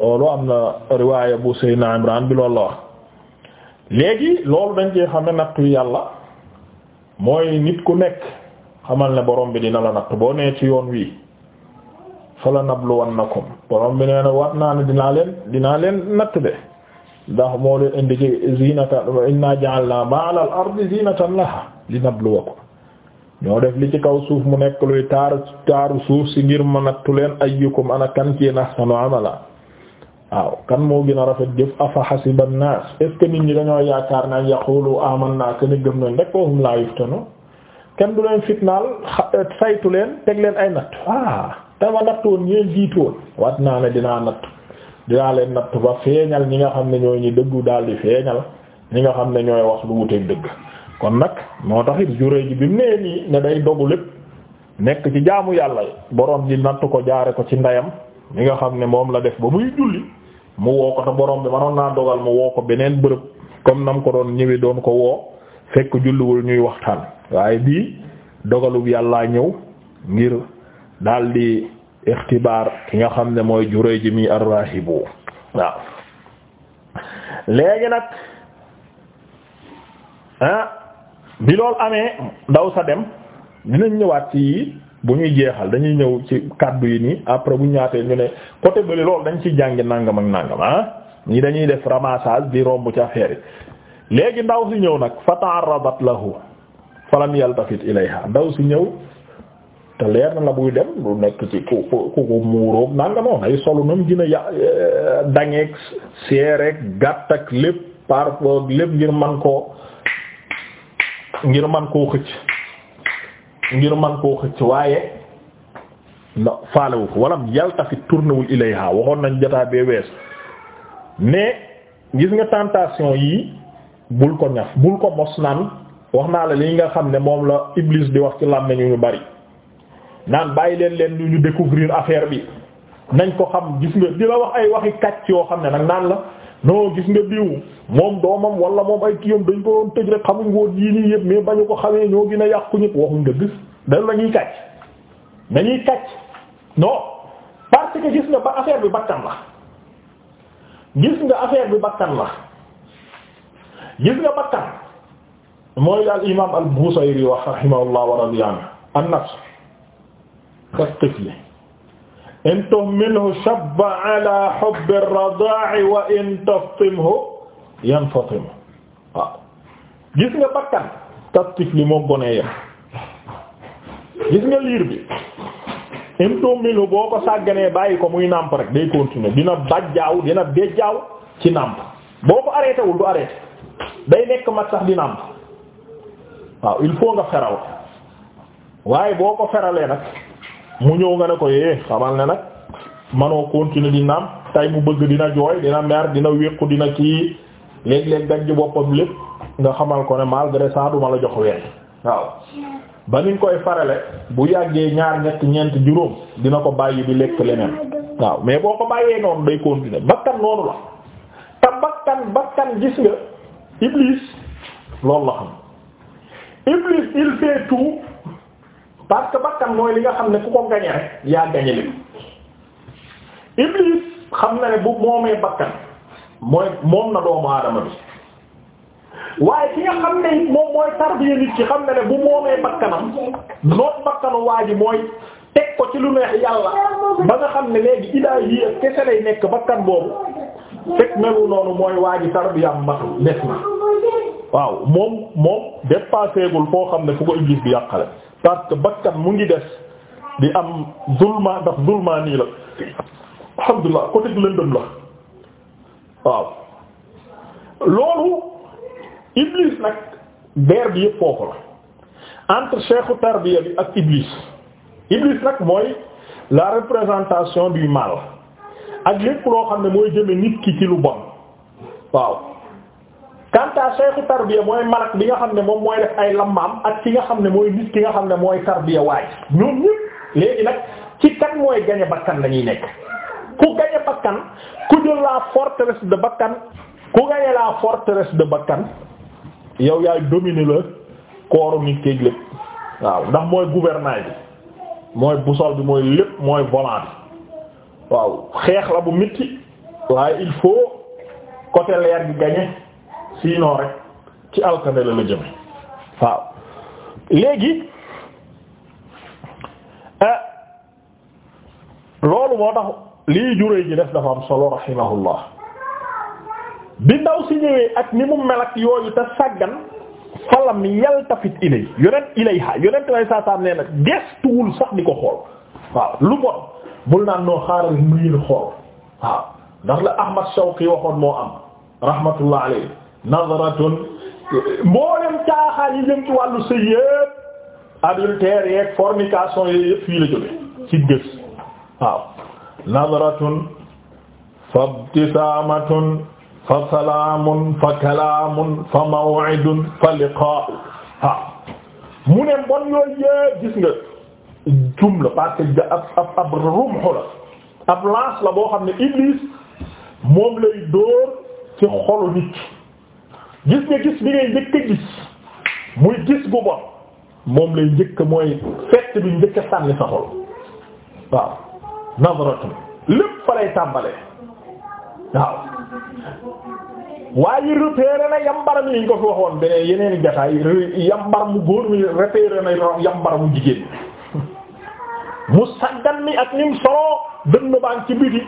loolu am na riwaaya bu Seydina Imran bi loolu la wax léegi loolu dañ cee xam ne wi yàlla mooy nit ku nekk xamal ne borom bi dina la natt boo nee ci yoon wii fala nabluwannakum borom bi nee na waat naa ne dinaa leen dinaa leen natt de ndax moo leen indi ci zinata inna ja'alna ma'al ardi zinatan laha linabluwakum ñoo def li ci kaw suuf mu nekk luy taaru suuf si ngir ma nattu leen ayyukum ana kan ci ahsanu amala waaw kan moo gën a rafet jëf afa hasiba an-nas est ce que nit ñi dañoo yaakaar naan yaqulu amanna que ni gëm nañ rek wa hum la yuftanu kenn du leen fitnaal saytu leen teg leen ay natt ah dama natt woon ñeen jiitu woon waat naa ne dinaa natt dinaa leen natt ba feeñal ñi nga xam ne ñooy ñi dëggu daal di feeñal ñi nga xam ne ñooy wax lu wuteeg dëgg kon nag moo tax it juré ji bi mu nee nii ne day dogu lépp nekk ci jaamu yàlla yi borom ji natt ko jaare ko ci ndeyam ñi xam ne moom la def ba mu woo ko te borom bi manoon naa dogal mu woo ko beneen bërëb comme nam ko doon ñëwee doon ko woo fekk julliwul ñuy waxtaan waaye bii dogalub yàlla ñëw ngir daldi ixtibaar ki nga xam ne mooy Jurayj ji ar-rahibu waaw léegi nag ah bi loolu amee ndaw sa dem dinañ ñëwaat ci bu ñuy jeexal dañuy ñëw ci kàddu yi nii après bu ñu ñaatee ñu ne côté bële dañ ciy jàngi nangam ak nangam ah ñi dañuy def ramassage di romb ci affaire léegi ndaw si ñëw nag fa ta'arradat lahu falam yaltafit ilayha ndaw si ñëw te leer na la buy dem lu nekk ci ku ku ku muuroog nangamoon ay solu nam gën a ya eh, dangeeg seereeg gàtt ak lépp par lépp ngir man koo ngir man koo xëcc ngir man koo xëcc waaye no faalewu ko walam yaltafit tournewul ilayha waxoon nañ jotaa bee weesu mais gis nga tentation yi bul ko ñaf bul ko mos naan wax naa la li nga xam ne moom la Iblis di wax ci làmmiñu ñu bari naan bàyyi leen leen ñu ñu découvrir affaire bi nañ ko xam gis nga di la wax ay waxi kàcc yoo xam ne nag naan la non gis nga diw moom doomam wala moom ay kiyam dañ ko doon tëj rek xamuñ woon yii nii yëpp mais bañu ko xamee ñoo gën yàqu ñëpp waxuñ dal la ñuy kàcc dañuy kàcc non parce que gis nga ba affaire bi bakkan la gis nga affaire bi bakkan la gis nga bakkan mooy daal imaam al-Busayri wax rahimahullah wa radiya anhu an-nafs kat-tifli in tuhmilhu shabba ala hubbi ar-radaa'i wa in taftimhu yanfatim waaw gis nga bakkan kat-tifli moo gone yam gis nga liir bi intomilo boo ko sàgganee bàyyi ko muy nàmp rek day continuer dina bàjjaaw dina béjjaaw ci nàmp boo ko arrêté wul du arrêté day nekk mat sax di nàmp waaw il faut nga feral waaye boo ko feralee nag mu ñëw nga ne ko yee eh, xamal ne nag manoo continuer di nàmp tay mu bëgg dina jooy dina mer dina wéqu dina kii léeg-léeg daj boppam lépp nga xamal ko ne malgré ça duma la jox weer waaw ba niñ koy farale bu yàggee ñaar ñett ñeent juróom dina ko bàyyi di lekk leneen waaw mais boo ko bàyyee noonu day continuer bakkan noonu la te bakkan bakkan gis nga iblis loolu la xam iblis il fait tout parce bakkan mooy li nga xam ne ku ko gañe rek yaa li iblis xam na ne bu moomee bakkan mooy moom na doomu aadama bi waaye ki nga xam ne moom mooy tarbiya nit ci xam ne ne bu moomee bakkanam noot bakkanu waa ji mooy teg ko ci lu neex yàlla ba nga xam ne léegi ilaahi kese lay nekk bakkan boobu fekk melu noonu mooy waa ji tarbiyaam matu des na waaw moom moom dépassé gul foo xam ne fu ko iblis bi yàqale parce que bakkan mu ngi des di am zulma ndax zulma nii la alhamdulilah côté lëndëm la waaw loolu Iblis nag beer bi yëpp foofu la entre cheikhu tarbiya bi ak Iblis Iblis nag mooy la représentation du mal ak lépp loo xam ne mooy jëme nit ki ci lu bon waaw kanta cheikhu tarbiya mooy malak bi nga xam ne moom mooy def ay lammaam ak ki nga xam ne mooy nit ki nga xam ne mooy tarbiya waay ñoom ñëpp léegi nag ci kan mooy gañe bakkan lañuy nekk ku gañe bakkan ku jël la forteresse de bakkan ku gañe la forteresse de bakkan yow yaay dominer la kooru nit kéeg lépp waaw ndax mooy gouvernail bi mooy boussole bi mooy lépp mooy volant bi waaw xeex la bu metti waaye il faut côté leer gi gagner sinon rek ci alkande la la jëme waaw léegi eh, loolu moo tax lii juree ji def dafa am solo rahimahullah bi ndaw si ñëwee ak ni mu mel ak yooyu te sàggan falam yaltafit ilay yonent ilayha yonent lay saa saa nee na gestuwul sax di ko xool waaw lu bon bul naan noo xaaral mu yéen xool waaw ndax la Ahmad Shawqi waxoon moo am rahmatullah alayhi nazaratun mboolem caaxaan yi jëm ci wàllu sëy yépp adultère yeeg fornication yooyu yépp fii la jóge ci gës waaw nazaratun fabtisamatun fa salaamun fa kalaamun fa maw'idun fa liqaa ah mu ne bon yooyu yëpp gis nga jumla parce que ab ab ab rumxu la ab laas la boo xam ne Iblis moom lay dóor ci xolu nit gis nga gis bi ngay njëkk a gis muy gis bu bon moom lay njëkk mooy fett bi njëkk a sànni sa xol waaw nazaratun lépp fa lay tàmbalee. waaw waaye repéré na yambaram yi ñu ko fi waxoon beneen yeneeni i jotaay yambar mu góor mi repéré na yambar mu jigéen mu saggan mi ak nim solo dënn baan ci biti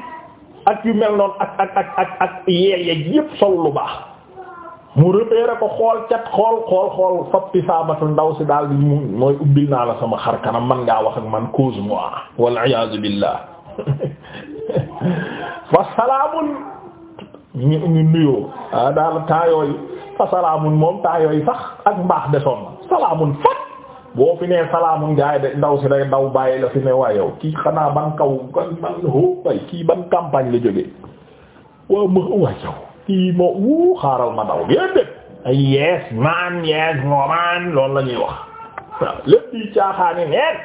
ak yu mel noonu ak ak ak ak ak yeeg yépp sol lu baax mu repéré ko xool cat xool xool xool foppi saabatu ndaw si daal di mu mooy ubbil naa la sama xar kanam man ngaa wax ak man cause moi wal iyaazu billah fa salaamun ñu ñu nuyoo ah, daal temps yooyu fa salaamun moom temps yooyu sax ak mbaax desoon na salaamun fat boo fi nee salaamun gaay de ndaw si rek ndaw bàyyi la fi ne waa yow kii campagne la jógee moo wuu xaaral ma daw bien dét ay yees la ñuy wax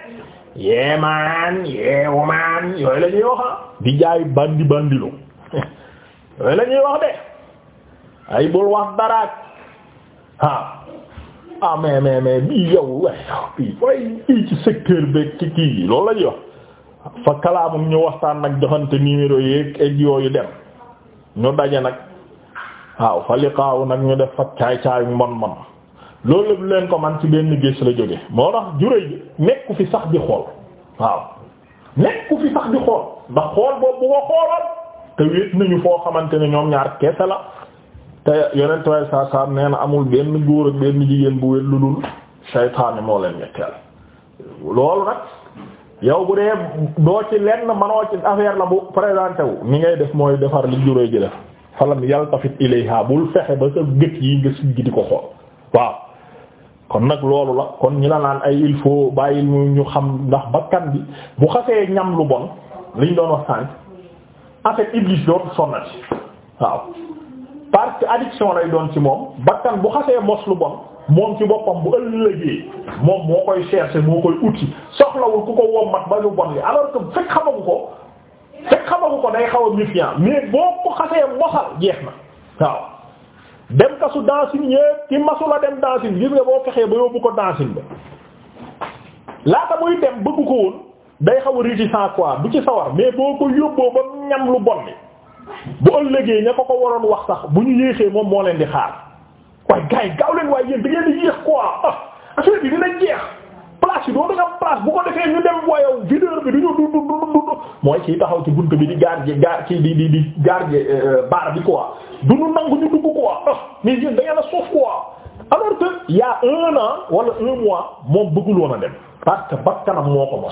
yee maan yee womaan yooyu la ñuy di jaay bandi bandilu yooyu la ñuy wax de ay bul wax daraak waaw ah mais mais mais bii yow waaye yow ah, bii waaye bii ci secteur beeg ci kii yi loolu la wax fa kalaamum ñu waxtaan nag joxante numéro yeeg ak yooyu dem ñu daje nag waaw fa liqaaw nag ñu def fa caay caay mon mon loolu bu leen ko man ci benn gis la jóge moo tax juróoy nekku fi sax di xool waaw nekku fi sax di xool ndax xool boobu bu ko xooloon te wéet nañu foo xamante ni ñoom ñaar kese la te yonent way saa saa nee na amul benn góor ak benn jigéen bu wéet lu dul saytaane moo leen ñetteel loolu nag yow bu dee doo ci lenn manoo ci affaire la bu présenté wu ni ngay def mooy defar li juróoy ji fa falam yaltafit ilayha bul fexe ba sa gët yi nga siggi di ko xool waaw kon nag loolu la kon ñi la naan ay il faut bàyyil ñu xam ndax bakkan bi bu xasee ñam lu bon liñ doon wax affect Iblis dootu sonnati waaw parce addiction lay doon ci moom bakkan bu xasee mos lu bon moom ci boppam bu ëllëgee moom moo koy chercher moo koy uti soxlawul ku ko wommat ba lu bon li alors que fekk xamagu ko fekk xamagu ko day xaw a méfiant mais boo ko xasee mosal jeex na waaw dem kasu dansin yépp ci masu la dem dansin gis nga boo fexee ba yóbbu ko dansin ba laata muy dem bëgg ko woon day xaw a réticent quoi du ci sawar mais boo ko yóbboo ba ñam lu bon ni bu ëllëgee ña ko ko waroon wax sax bu ñu yéexee moom moo leen di xaar waaye gars yi gaaw leen waaye yéen da ngeen di yéex quoi ah affaire bi dina jeex place yi doo da place bu ko defee ñu dem wayow videur bi du ñu du du du mooy ci taxaw ci bunt bi di gaar ji gaar ci di di di gaar ji euh, baar bi quoi du ñu nangu ñu dugg quoi ah mais yéen da ngeen a soof quoi alors que y a un an wala un mois moom bëggul woon a dem parce que bakkanam moo ko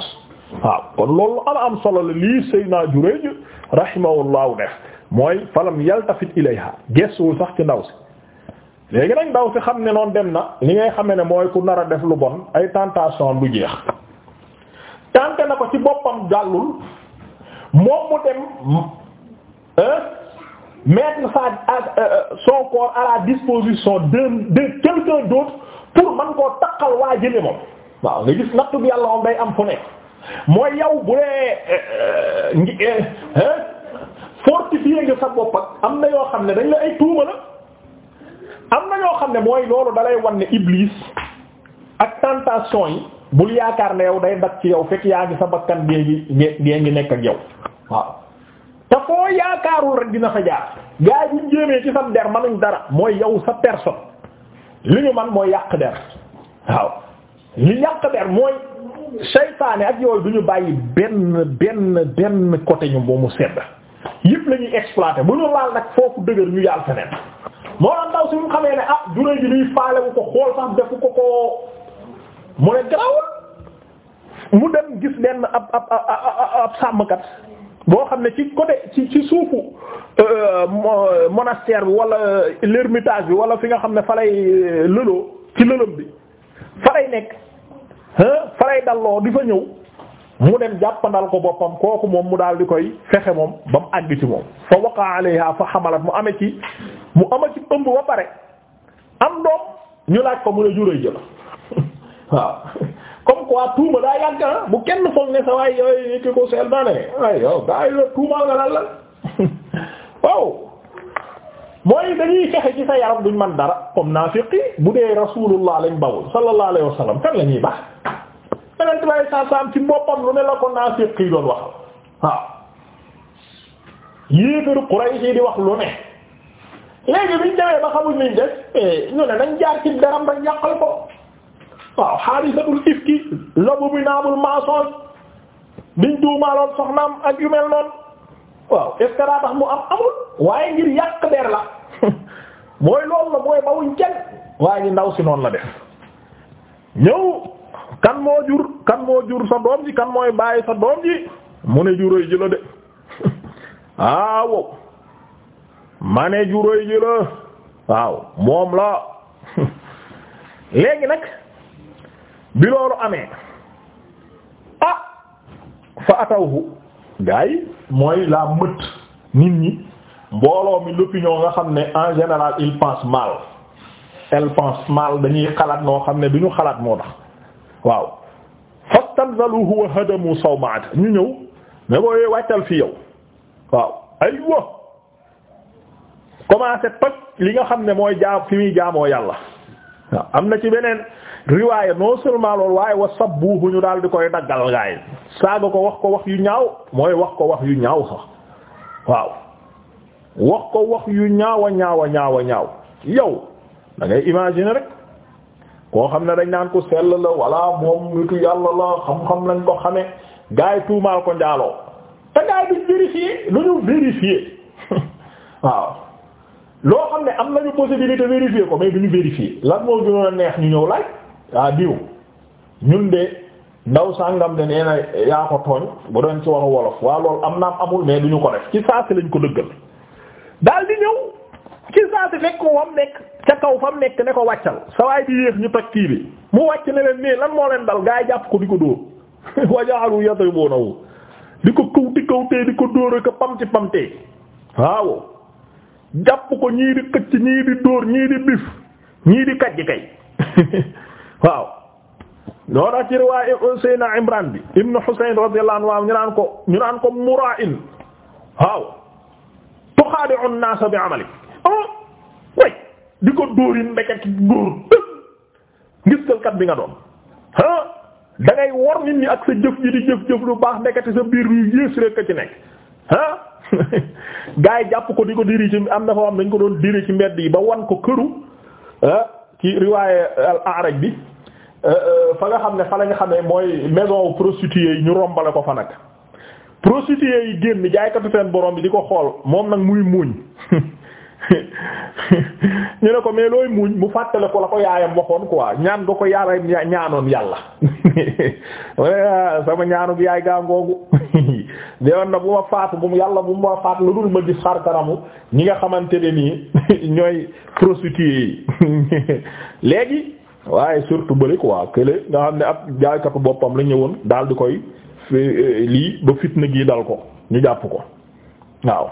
waaw kon loolu am am solo la lii Seydina Jurayj rahimahullahu def mooy falam yaltafit ilayha gestuwul sax ci ndaw si léegi nag ndaw si xam ne noonu dem na li ngay xam ne ne mooy ku nar a def lu bon ay tentation du jeex tànte na ko ci boppam jàllul moom mu dem mettre sa son corps à la disposition d'un de quelqu'un d'autre pour man koo takkal waa jële moom waaw nga gis nattu bi yàlla moom day am fu nekk mooy yow bu dee euh, euh, fortifier nga sa bopp am na yoo xam ne dañ la ay tuuma la am na yoo xam ne mooy loolu dalay wan ne iblis ak tentation yi bul yaakaar ne yow day dagg ci yow fekk yaa ngi sa bakkan dee ngi gee ngi nekk ak yow waaw te foo yaakaarul rek dina fa jaar gaa yi buñ jéemee ci sa der manuñ dara mooy yow sa person li ñu man mooy yàq der waaw li yàq der mooy seytaane ak yooyu du ñu bàyyi benn benn benn côté ñu boo mu sedd yëpp lañuy ñuy exploité bu ñu laal nag foofu dëgër ñu yàll feneen moo xamee ne ah durée ji nuy faale wu ko xool sax defu ko ko mu ne garawul dem gis benn ab ab ab sàmmkat boo xam ne ci côté ci ci suufu euh, monastère bi wala euh, l'ermitage bi wala fi nga xam ne fa lay euh, lëloo ci lëlëm bi fa lay nekk fa lay dalloo di fa ñëw mu dem jàppandal ko boppam kooku moom mu daal di koy fexe moom ba mu àgg ci moom fa waqa alayha fa xamalat mu ame ci mu ama ci ëmb ba pare am doom ñu laaj ko mu ne juróoy jëla waaw comme quoi tuuma daa yàgg na bu kenn foog ne sa waay yooyu ki ko seel naa ne waaye yow daa yooyu tuumaal nga lan la waaw mooy dañuy fexe ci sa yaram duñ man dara comme naafiqi bu dee rasulullah lañ bawul sallallahu alayhi wasallam lañuy baax Yonent bi sallallahu alayhi wasallam ci boppam lu ne la ko naafiq yi doon waxal waaw yéefaru Quraysh yi di wax lu ne léegi biñ demee ba xamuñ liñ def eh, ñu ne nañ jaar ci daram rek yàqal ko waaw xaadisatul ifki l'abominable mensonge biñ duumaaloon soxnaam ak yu mel waaw est mu am amul waaye ngir yàq der la mooy loolu la mooy bawuñ kenn waaye ñu ndaw si noonu la def ñëw kan moo jur kan moo jur sa doom ji kan mooy bàyyi sa doom ji mu ne juróoy ji la de waaw ma ne juróoy ji waaw moom la léegi nag bi loolu amee ah fa atawhu gars yi mooy la mët nit ñi mbooloo mi l'opinion nga xam ne en général il pense mal elle pense mal dañuy xalaat noo xam ne du ñu xalaat moo tax waaw fastanzaluhu wa hadamu sawmaat ñu ñëw ne ko eh, wàccal fi yow waaw aywa commencé toj li nga xam ne mooy jaam fi muy jaamoo yàlla waaw am na ci beneen riwaaya non seulement waaye wa sabbuhu ñu daal di koy daggal gaay saaga ko wax ko wax yu ñaaw mooy wax ko wax yu ñaaw sax waaw wax ko wax yu ñaawa ñaawa ñaaw yow da ngay rek koo xam ne dañ naan ko sell la walla moom nitu yàlla la xam-xam lañ ko xamee gars yi tuumaal ko njaaloo te gars yi duñ vérifier lu ñu vérifier waaw loo xam ne am nañu possibilité vérifier ko mais duñu lan moo gënoon neex ñu ñëw laaj ah diw ñun de ndaw sàngam de nee na yaa ko tooñ bu doon ci waxu wolof waa loolu am naam amul mais ñu ko def ci saa si lañ ko dëggal daal di ñëw. ci saa fekk ko wam nekk ca kaw mu nekk ne ko wàccal sa waay di yéex ñu toj bi mu wàcc ne leen nii lan moo leen dal gaa yi jàpp ko di ko dóor wajaalu yadribunahu di ko kawti kawtee di ko dóor ak pamti pamtee waaw jàpp ko ñii di xëcc ñii di dóor ñii di bif ñii di kajj kay waaw ñoo tax ci riwaay Seyna Imran bi ibnu Husayn radiyallahu ñu naan ko ñu naan ko mura'in waaw tuxaadi'u an-nas bi amali ah way di ko dóorin mbéca ki dóor ngistalkat bi nga doon ah da ngay wor nit ñi ak sa jëf ji di jëf-jëf lu baax nekkati sa biir yu yées rek ka ci nekk ah gars yi jàpp ko di ko diri ci am na fa am dañ ko doon diri ci mbedd yi ba wan ko këru ah ci riwaaye al araj bi ah, ah, fa nga xam ne fa la xam ne mooy maison prostituée yi ñu rombale ko fa nag prostituée yi génn jaaykatu seen borom bi di ko xool moom nag muy muuñ ñu ne ko mais looy muñ mu fàttale ko la ko yaayam waxoon quoi ñaan nga ko yaayam ñaanoon yàlla sama ñaanu yaay gaa ngoogu deewoon na bu ma faatu bu mu yàlla bu ma faat lu dul ma gis xar kanamu ñi nga xamante ne nii ñooy prostituées yi léegi waaye surtout bële quoi kële nga xam ne ab jaaykatu boppam la ñëwoon daal di koy lii ba fitna gi dal ko ñu jàpp ko waaw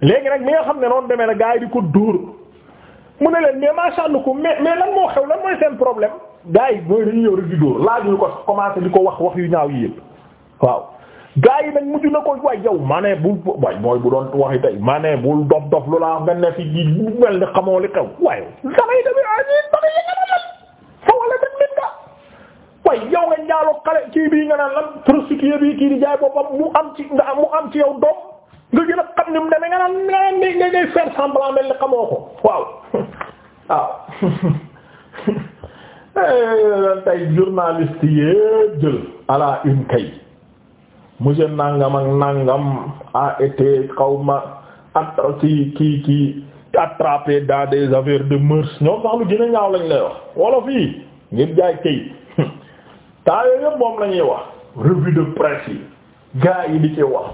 léegi nag mi nga xam ne noonu demee na gaa yi di ko dóor mu ne leen mais maa sànnu ko mais mais lan moo xew lan mooy seen problème gaa yi mooy dañu ñëw rek di dóor ñu ko commencé di ko wax wax yu ñaaw yi yëpp waaw gaa yi nag mujj na ko waay yow maa ne bu waay mooy bu doon waxi tey maa ne bul dof dof lu laa nga ne mel ni xamoo li xew waaye damay ah yow nga njaaloo xale kii bii nga naan lan prostituée bi kii di jaay boppam mu am ci nga mu am ci yow doom nga gën a ni mu demee nga naan nga nga ngay faire semblant mel ni xamoo ko waaw waaw eh, tey journaliste yépp jël à la une kay monsieur nangam ak nangam a été xaw ma at ci kii kii attrapé dans des affaires de mœurs ñoom sax lu gën a ñaaw lañ lay wax wala fii ngir jaay kay temps yooyu yëpp moom la ñuy wax revue de presse yi gars di ci wax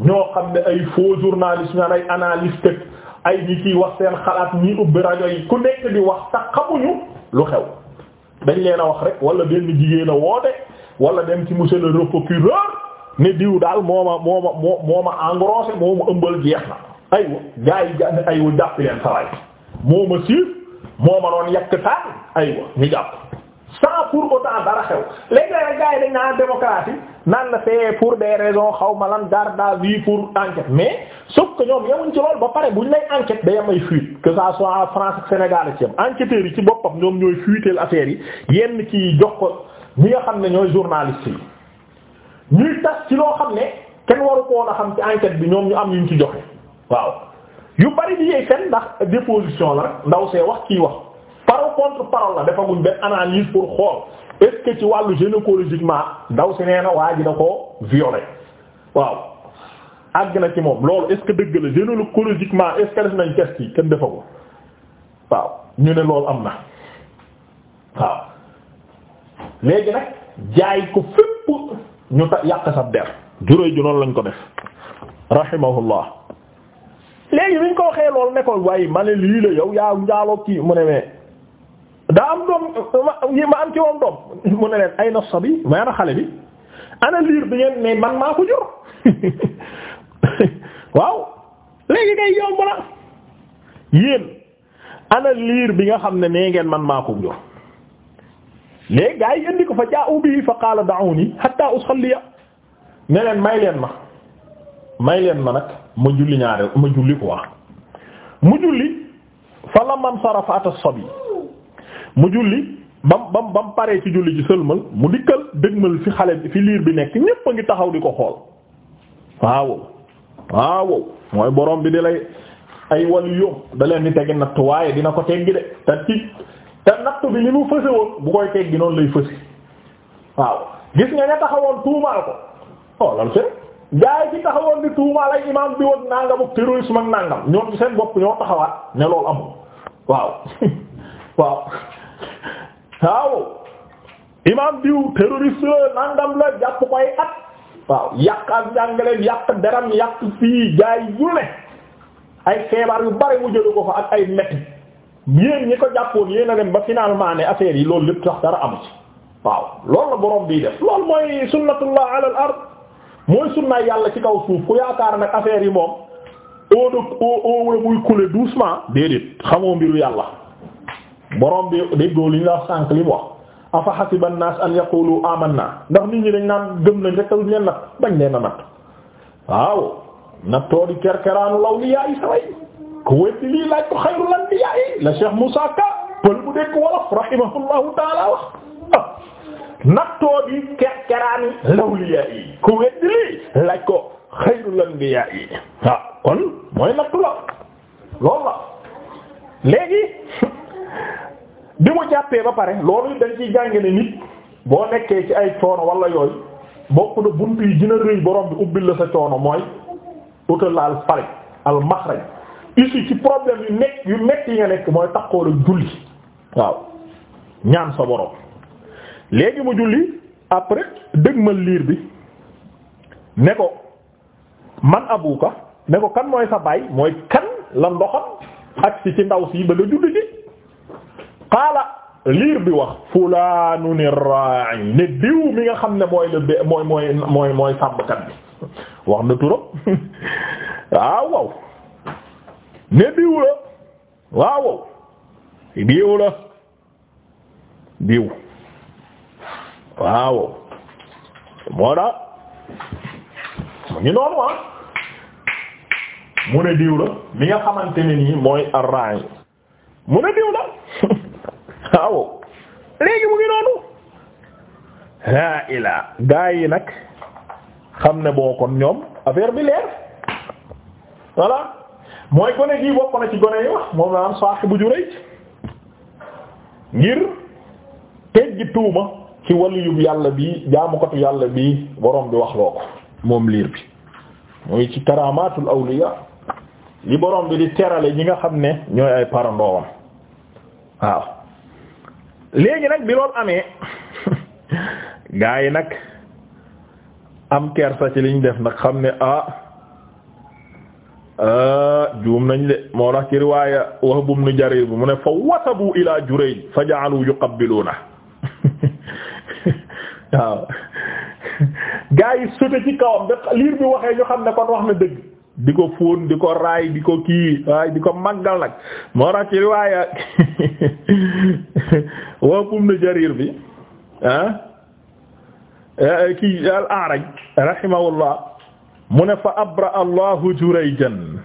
ñoo xam ne ay faux journalistes ñaan ay analystes ay ñi ciy wax seen xalaat ñi ubbi rajo yi ku nekk di wax sax xamuñu lu xew dañ leen a wax rek wala benn jigéen a woote wala dem ci mu le procureur ne diw daal moo ma moo ma moo moo ma engrossé moo ma ëmbal jeex na aywa gars aywa jàpp leen sa moo ma siif moo ma doon yàq taal aywa ñu jàpp sans pour autant dara xew léegi nag gars dañ naan démocratie naan la c'est pour des raisons xaw ma lan garde daal vue pour enquête mais sauf que ñoom yemuñ ci loolu ba pare buñ lay enquête day am ay fuite que ça soit en France ak Sénégal ci am enquêteurs yi ci boppam ñoom ñooy fuiteel affaires yi yenn ci jox ko ñi nga xam ne ñooy journalistes yi ñuy tas ci loo xam ne kenn waru a xam ci enquête bi ñoom ñu am yuñ ci joxe waaw yu bari di fen ndax déposition la rek ndaw see wax kii wax parole contre parole la defaguñ benn analyse pour xool est ci wàllu gynécologiquement ndaw si nee na ji da koo violé waaw àgg na ci moom loolu est-ce que dëgg la gynécologiquement est def nañ test yi kenn defa ko waaw ñu ne loolu am na waaw léegi nag jaay ko fépp ñu ta yàq sa der juróoy ju noonu lañ ko def rahimahullah léegi bi ñu ko waxee loolu waaye ma lii la yow yaa njaaloo kii mu ne daa am doom ma am ci moom doom mu ne leen ay na ma ana xale bi ana liir bi ngeen man maa ko jur waaw léegi kay yomb la yéen ana liir bi nga xam ne nee ngeen man maa ko jur léegi gaa yi indi ko fa jaa ubi fa qaala da'uni hatta usalliya ne leen may leen ma may leen ma nag ma julli ñaare ma julli quoi mu julli fa lamma sarafa at mu julli bam bam bam paree ci julli ci sëlmal mu dikkal dëgmal fi xale bi fi liir bi nekk ñépp a ngi taxaw di ko xool waaw waaw mooy borom bi di lay ay wàllu yomb da leen di tegi natt waaye dina ko teggi de te ci te natt bi li mu fëse woon bu koy teggi noonu lay fëse waaw gis nga nga taxawoon tuumaal ko oh lan c'est gaa yi ci taxawoon di tuumaal ay imaam bi woon nangam ak ak nangam ñoom seen bopp ñoo taxawaat ne loolu amul waaw waaw. waaw imam diw terroriste la nangam la jàpp koy at waaw yàq ak njàngale yàq deram yàq fii jaay yu ne ay feebar yu bari mu jëlu ko fa ak ay metti yéen ñi ko jàppoon yéen a dem ba finalement ne affaire yi loolu lépp sax dara amu waaw loolu la borom bii def loolu mooy sunnatullah ala ard mooy sunna yàlla ci kaw suuf ku yaakaar nag affaire yi moom eau de eau eau la muy couler doucement déedéet xamoo mbiru yàlla borom bi déggoo li ñu wax sànq li mu wax afa hasiba an-nas an yaqulu amanna ndax nit ñi dañ naan gëm nañ rek tawuñ leen nat bañ leen a nat waaw nattoo di saway ku wetti lii laaj ko xayrul anbiya la Cheikh Moussa Ka pël bu dekk wolof rahimahullahu taala wax ah, nattoo di kerkeraanu law li yaay ku wetti lii laaj ko xayrul anbiya waaw ah, kon mooy nattu la loolu la léegi bi mu jàppee ba pare loolu dañ ciy jàng ne nit boo nekkee ci ay coono walla yooyu bokk na bunt yi dina rëy borom bi ubbil la sa coono mooy utal al fari al maxraj ici ci problème yu nekk yu nekk yi nga nekk mooy takkoo la julli waaw ñaan sa borom léegi mu julli après dëgg ma liir bi ne ko man abuka ne ko kan mooy sa baay mooy kan la ndoxam ak si ci ndaw si ba la julli ji qaala liir bi wax fulaanu ni ra'i ne diw mi nga xam ne mooy le mooy mooy mooy mooy sàmmkat bi wax na turam waaw ne diw la waaw waaw diw la diw waaw moo daal mu ngi noonu ah mu ne diw la mi nga xamante ni nii mooy ar mu ne diw la waaw léegi mu ngi noonu laa ilaa gaa yi nag xam ne boo kon ñoom affaire bi leer voilà mooy gone gii bokk na ci gone yi wax moom la am saahibu Jurayj ngir teggi tuuma ci waliyub yàlla bi jaamukatu yàlla bi borom bi wax loo ko moom liir bi mooy ci karamatul awliya li borom bi di terale ñi nga xam ne ñooy ay parandoowam waaw léegi nag bi loolu amee gaa yi nag am kersa ci liñ def nag xam ne ah, ah juum nañ de moo tax ci riwaaya Wahb ibn Jarir mu ne fa wasabu ila Jurayj fa ja'alu yuqabbiluna waaw gaa yi sote ci kawam ba liir bi waxee ñu xam ne kon wax na dëgg di ko fóon di ko raay di ko kii waaye di ko màggal nag moo tax ci riwaaya wopum na jarir bi ah eh, kii al araj rahimahullah mu ne fa abra allahu jurayjan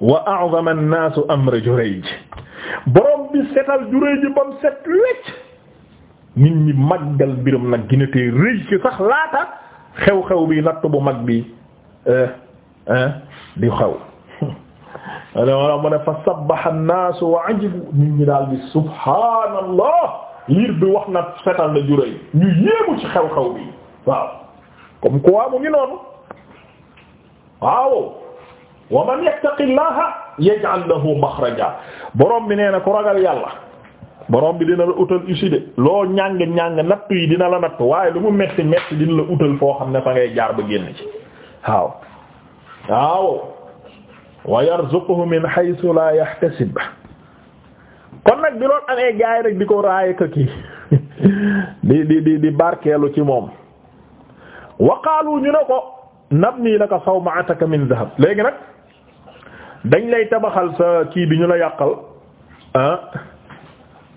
wa a'zama an-naas amra jurayj borom bi setal jurayj bam set wecc nit ñi màggal mbiram nag gina tey rëy sax laata xew-xew bi natt bu mag bi eh, di xew alors mu ne fa sabbaha an-naasu wa ajibu nit ñi daal di subhaanallah liir bi wax na setal na juróoy ñu yéemu ci xew-xew bi waaw comme quoi mu ngi noonu waaw wa man yattaqillaha yaj'al lahu makhraja borom bi nee na ku ragal yàlla borom bi dina la utal uside loo ñàng ñàng natt yi dina la natt waaye lu mu metti metti dina la utal foo xam ne fa ngay jaar ba génn ci waaw aw wa yarzuquhu min haythu la yahtasib kon nag bi loolu amee gaay rek di ko raaya ka kii di barkeelu ci moom wa qaalu ñu ne ko nabni laka sawma'ataka min dhahab léegi nag dañ lay tabaxal sa kii bi ñu la yàqal ah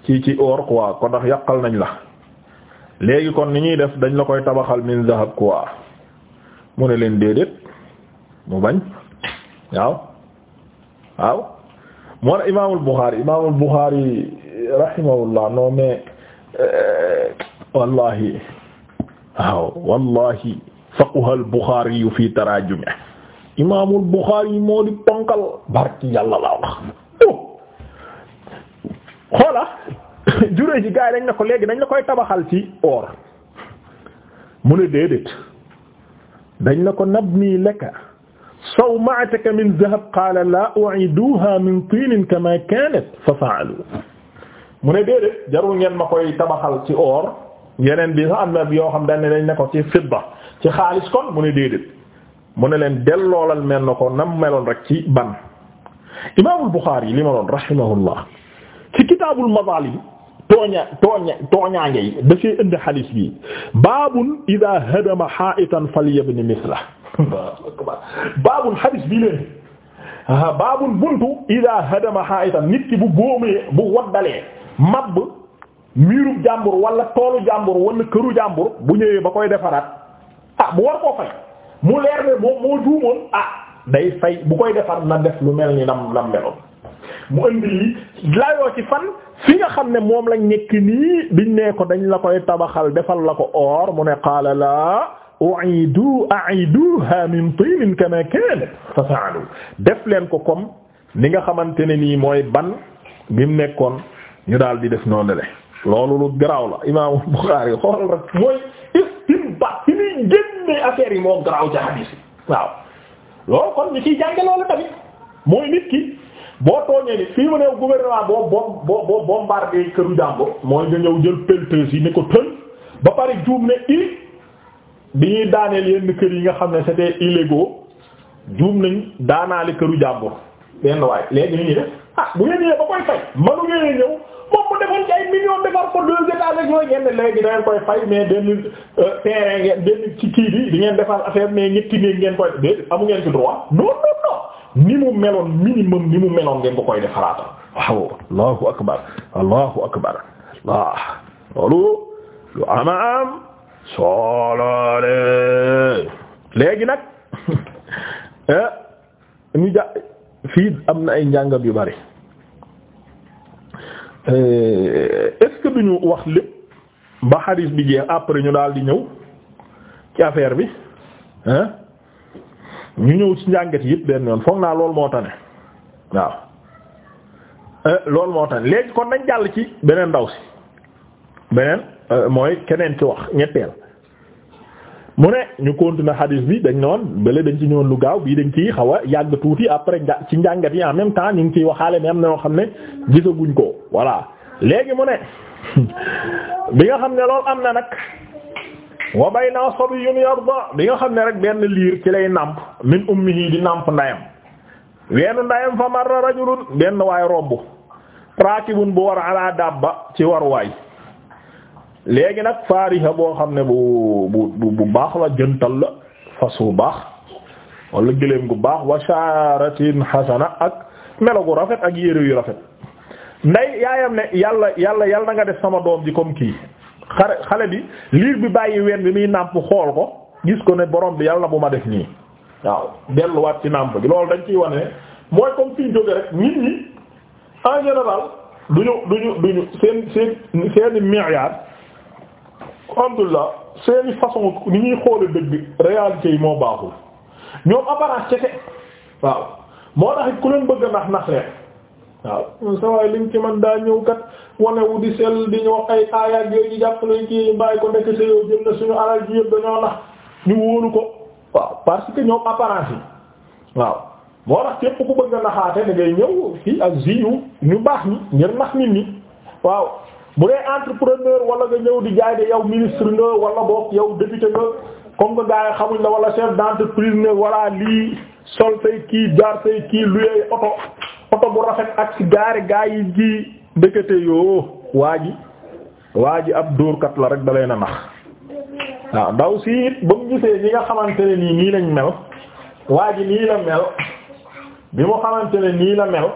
ci ci or quoi kon ndax yàqal nañ la léegi kon ni ñuy def dañ la koy tabaxal min dhahab quoi mu ne leen déedéet mu bañ waaw waaw moo ne imaamul Buxaari imaamul Buxaari rahimahullah euh, wallahi waaw wallahi fi taraajumi imaamul Buxaari moo di ponkal barki yàlla laa wax oh, xoola juree ci gars yi dañ na ko léegi dañ la koy tabaxal ci or mu ne déedéet dañ la ko nab nii sawma'ataka min dhahab qaala laa u'iiduha min tiinin kamaa kaanat fa fa'alu mu ne déedéet jarul ngeen ma koy tabaxal ci or yeneen bi sax am na yoo xam dañ ne dañ ne ko ci fidda ci xaalis kon mu ne déedéet mu ne leen delloolal mel na ko nam meloon rek ci ban imaamul Buxaari li ma doon rahimahullah ci kitaabul mazaalim tooña tooña tooñaange yi dafay indi xadiis bi baabun idaa hadama haa'itan falyabni baabul xadis bii leen baabul buntu ida hadama haitan nit ki bu boomee bu waddalee mabb miirub jàmbur wala toolu jàmbur wala këru jàmbur bu ñëwee ba koy defaraat ah bu war koo fay mu leer ne moom moo juumoon ah day fay bu koy defar na def lu mel ni nam nam meloon mu indi li layoo ci fan fi nga xam ne moom lañ nekk nii biñ ne ko dañ la koy tabaxal defal la ko oor mu ne qaala laa u'idu a'iduha min tin kama kanat fa def leen ko comme ni nga xamante ne nii mooy ban bi mu nekkoon ñu daal di def noonu le loolu lu garaaw la imaamu Bukhari xool rek mooy istinbat ci ñuy génne affaire yi moo garaaw ci hadis yi waaw loolu kon ñu ciy jànge loolu tamit mooy nit ki boo tooñee ni fii mu ne gouvernement boo boo boo boo bombardé këru jàmbur mooy nga ñëw jël pelleteuse yi ne ko tël ba pare juum ne i bi ñuy daaneel yenn kër yi nga xam ne c'était illégaux juum nañ daanaale këru jàmbur benn waay léegi ni ñuy def ah bu ngeen ñëwee ba koy fay manu ñëw moom ko deux étages ak yooyu ngeen mais benn euh, kii bi di ngeen defar affaire mais ñetti néeg ngeen koy déedéet amu ngeen ci droit non non non ni mu meloon minimum ni mu meloon ngeen ko koy defaraatal waaw allahu akbar allahu akbar waaw loolu lu ama am soolaale léegi nag eh, ñu ja fii am na ay njàngat yu bari eh, est-ce que wax lépp ba xadis bi jeex après ñu daal di ñëw ci affaire bi hein ñu ñëw ci njàngat yi benn yoon foog naa lool moo tane waaw eh, loolu moo tane léegi kon nañ jàll ci beneen ndaw si beneen Euh, mooy keneen ki wax ñetteel mu ne ñu continuer hadis bi dañ noon bële dañ ci ñëwoon lu gaaw bii dañ ciy xaw a yàgg tuuti après ci njàngat yi en même temps ñu ngi ciy waxaale même ñoo xam ne gisaguñ ko voilà léegi mu ne bi nga xam ne lool am na nag wa bayna sabiyyun yarda bi nga xam ne rek benn liir ci lay nàmp min ummihi di nàmp ndayam weenu ndayam fa marra rajulun benn waay romb raakibun bu war ala dabba ci war waay léegi nag faariha boo xam ne bu bu bu baax la jëntal la fas bu baax wala gëléem gu baax wa sharatin hasana ak melo gu rafet ak yére yu rafet nday yaayam ne yàlla yàlla yàlla na nga def sama doom ji comme kii xare xale bi liir bi bàyyi ween bi muy nàmp xool ko gis ko ne borom bi yàlla bu ma def nii waaw delluwaat ci nàmp gi loolu dañ ciy wane mooy comme fiñ jóge rek nit ñi en général duñu duñu duñu seen seen seeni miyaar alhamdulilah seeni façon ni ñuy xoole dëgg réalité yi moo baaxul ñoom apparence kese waaw moo tax ku leen bëgg a nax nax leen waaw sa waay liñ ci man daa ñëw kat wane wu di sell di ñu wax ay aayaat yooyu ñu jàppale kii bàyyi ko nekk sa yow jël na suñu alal ji yëpp dañoo nax ñu wóolu ko waaw parce que ñoom apparence yi waaw moo tax képp ku bëgg a naxaate da ngay ñëw fii ak ziyu ñu baax ñi ngir nax nit ñi waaw bu dee entrepreneur wala nga ñëw di jaay de yow ministre nga wala boog yow député nga comme que gars yi xamuñ la wala chef d'entreprise ne voilà lii sol say kii jaar say kii luyee oto oto bu rafet ak ci gaari gaa yi ji dëkkate yoo waa ji waa ji ab dóorkat la rek da leen a nax waaw ndaw si it ba mu gisee ñi nga xamante ne nii nii lañ mel waa ji nii la mel bi mu xamante nii la mel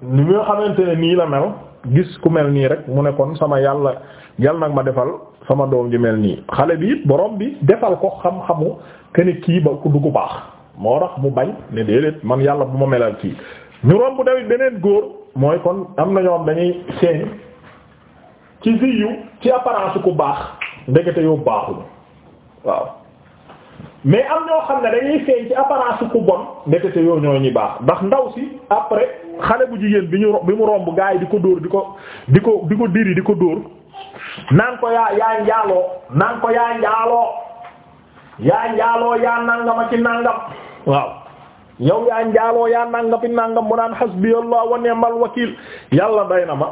li nga xamante ne nii la mel. gis ku mel nii rek mu ne kon sama yàlla yàlla nag ma defal sama doom ji mel nii xale bi boroom bi defal ko xam-xamu que ne kii ba ku dugg baax moo tax mu bañ ne déedéet man yàlla bu ma melal kii. ñu romb dawit beneen góor mooy kon am na ñoom dañuy seen ci viu ci apparence ku baax ndekete yow baaxul waaw. mais am ñoo xam ne dañuy feeñ ci apparence ku bon ndekete yoo ñoo ñi baax ndax ndaw si après xale bu jigéen bi ñu bi mu romb gars yi di ko dóor di ko di ko di ko diri di ko dóor naan ko yaa yaa njaaloo naan ko yaa njaaloo yaa njaaloo yaa nangama ci nangam waaw yow yaa njaaloo yaa nangam ci mu naan hasbiyallahu wa ni'mal wakiil yàlla day na ma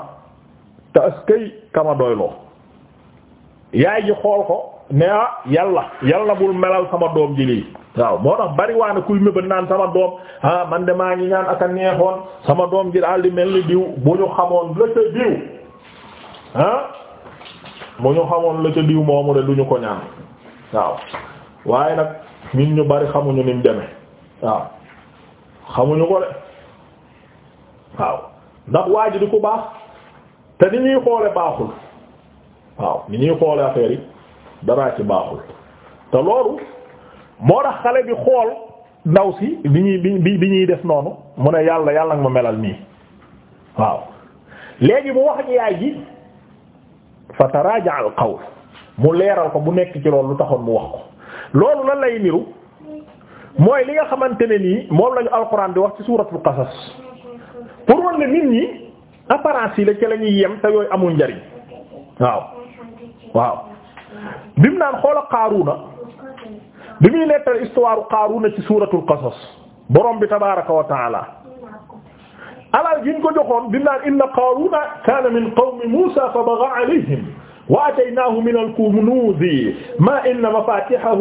te askay kama doyloo yaay ji xool ko ne ah yàlla yàlla bul melal sama doom ji lii waaw moo tax waane kuy mébét naan sama doom ah, man de maa ngi ñaan ak a neexoon sama doom ji daal di mel ni diw bu ñu xamoon la ca diw ah, la ca diw moomu de du ñu ko ñaan waaw waaye nag ñun ñu bari xamuñu ni mu demee waaw xamuñu ko de waaw ndax waa ji di baax te ni ñuy xoole baaxul waaw ni ñuy xoole affaire daraa ci baaxul te loolu moo tax xale bi xool ndaw si bi ñuy bi bi ñuy des noonu mun ne yàlla yàlla nga ma melal nii waaw léegi mu wax yaay ji fa taraja al qawl mu leeral ko bu nekk ci loolu lu taxoon mu wax ko loolu lan lay niru mooy li nga xamante ne nii moom lañu alxuraan di wax ci suuratul qasas pour won ne nit ñi apparence yi la ci la ñuy yem te yooyu amul njariñ waaw waaw bi mu naan xoola Qaaruna bi muy nettal histoire Qaaruna ci suuratul qasas borom bi tabaaraka wa taala alal gi ñu ko joxoon bi mu naan inna Qaaruna kaana min qawmi Muusaa fa baghaa alayhim wa ataynaahu min al-kunuuzi maa inna mafaatihahu